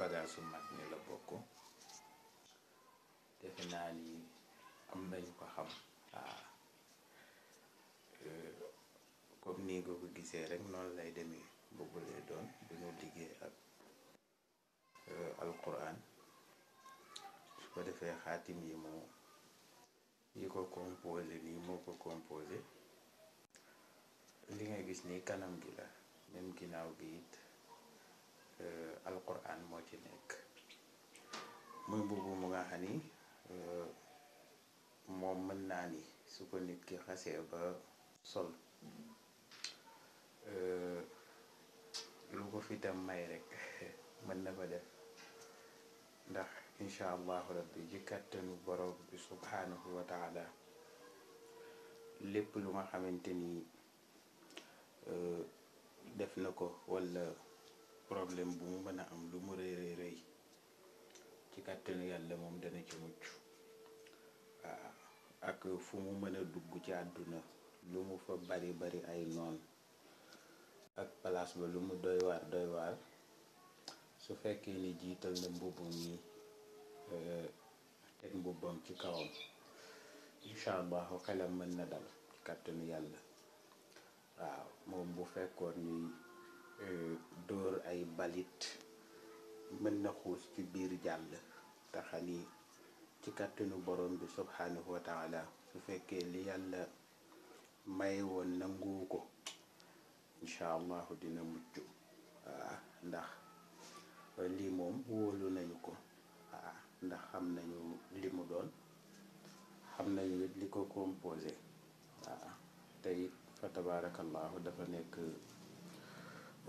bagage su mag la bokk defe naa ni am nañu ko xam waaw ah. euh, comme nii nga ko gisee rek noonu lay demee bëggulee doon bu ñu liggéey ak euh, alquran su ko defee xaatim yi moo yi ko composé nii moo ko composé li nga gis nii kanam gi la même ginnaaw gi it Euh, alquran moo ci nekk muy mbubu mu nga xam euh, moom mën naa ni su ko nit ki xasee ba sol euh, lu ko fi tam may rek mën na ko def ndax incha allahu rabbi ji kàttanu borom bi subhanahu wa lépp lu nga xamante ni def na ko wala problème bu mu mën a am lu mu rëy rëy ci kàttanu yàlla moom dana ci mucc waaw ak fu mu mën a dugg ci àdduna lu mu fa bari bari ay noon ak palaas ba lu mu doy waar doy waar su fekkee ni jiital na mbubbam yi teg mbubbam ci kawam incha allahu xelam mën na dal ci kàttanu yàlla waaw moom bu fekkoon ni Euh, dóor ay balit mën na xuus ci biir jàll taxani ci kàttanu borom bi subhanahu wa taala su fekkee li yàlla may woon nangu ko incha allahu dina mucc waaw ndax lii moom wóolu nañu ko waaw ndax xam nañu li mu doon xam nañu it li ko composé waaw te it fa tabaarakallahu dafa nekk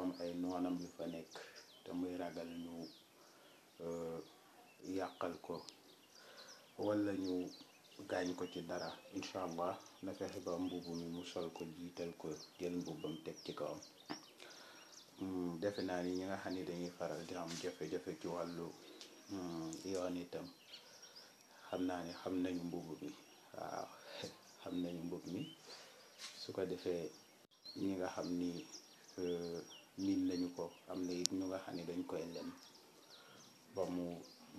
dafa am ay noonam yu fa nekk te muy ragal ñu euh, yàqal ko walla ñu gaañ ko ci dara incha allah na fexe ba mbubb mi mu sol ko jiital ko jël mbubbam teg ci kawam hmm, defe naa ni ñi nga xam ni dañuy faral di am jafe-jafe ci wàllu hmm, yoon itam xam naa ni xam nañu mbubb mi waaw xam nañu mi su ko defee ñi nga xam ni euh, miin lañu ko am na it ñu nga xam ne dañ koy lem ba mu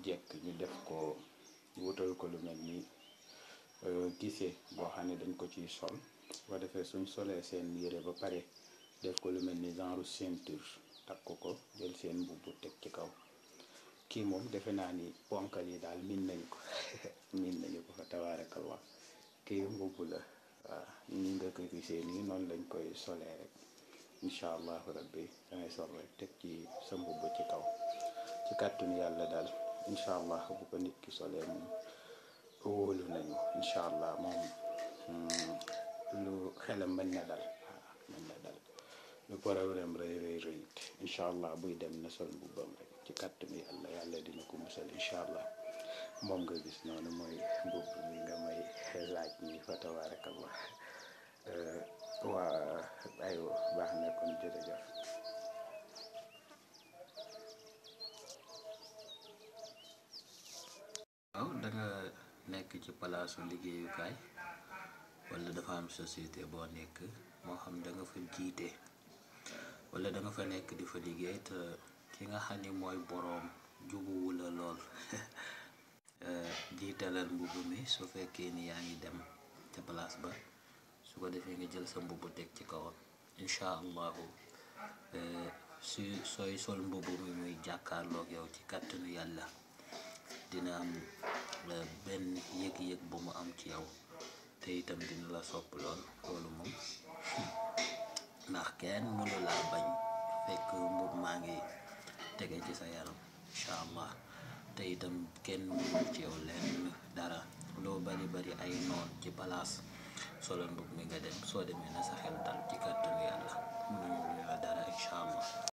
jekk ñu def ko wutal ko lu mel ni euh, gisee boo xam ne dañ ko ciy sol ba defee suñ solee seen yére ba pare def ko lu mel ni genre ceinture takk ko jël seen mbubb teg ci kaw kii moom defe naa ni ponkal yi daal miin nañu ko miin nañu ko fa tabaarakallah kii mbubb la waaw ñi nga ko gisee nii noonu lañ koy solee rek incha allahu rabbi dangay sol rek teg ci sa mbubb ci kaw ci kàttanu yàlla daal incha allah bu ko nit ki solee moom wóolu hmm, lu xelam mën na dal ah, mën na dal lu problème rëy rëy allah buy dem na sol mbubbam rek ci kàttanu yàlla yàlla dina ko musal incha allah moom nga gis noonu mooy mbubb mi nga may laaj ni fa tabaarakallah eh, waa aywa jërëjëf waaw da nga nekk ci palaasu liggéeyukaay eh? wala dafa am société boo nekk moo xam da nga fa jiite wala da nga fa di fa liggéey eh, te ki nga xam ni mooy boroom jubuwu la lool eh, jiitalal mbubb mi su fekkee ni dem ba su ko defee nga jël sa ci kawam incha allahu eh, su sooy sol mbubu mi muy jàkkaarloog yow ci kàttanu yàlla dina am eh, benn yëg-yëg bu mu am ci yow te itam dina la sopp lool loolu moom ndax kenn mënu laa bañ fekk mbub maa ngi tege ci sa yaram incha allah te itam kenn mënul ci yow leen dara loo bari bari ay noon ci palaas solo doon bëgg mi nga dem soo demee na sa xel dal ci kàttanu yàlla mënuñu la dara incha allah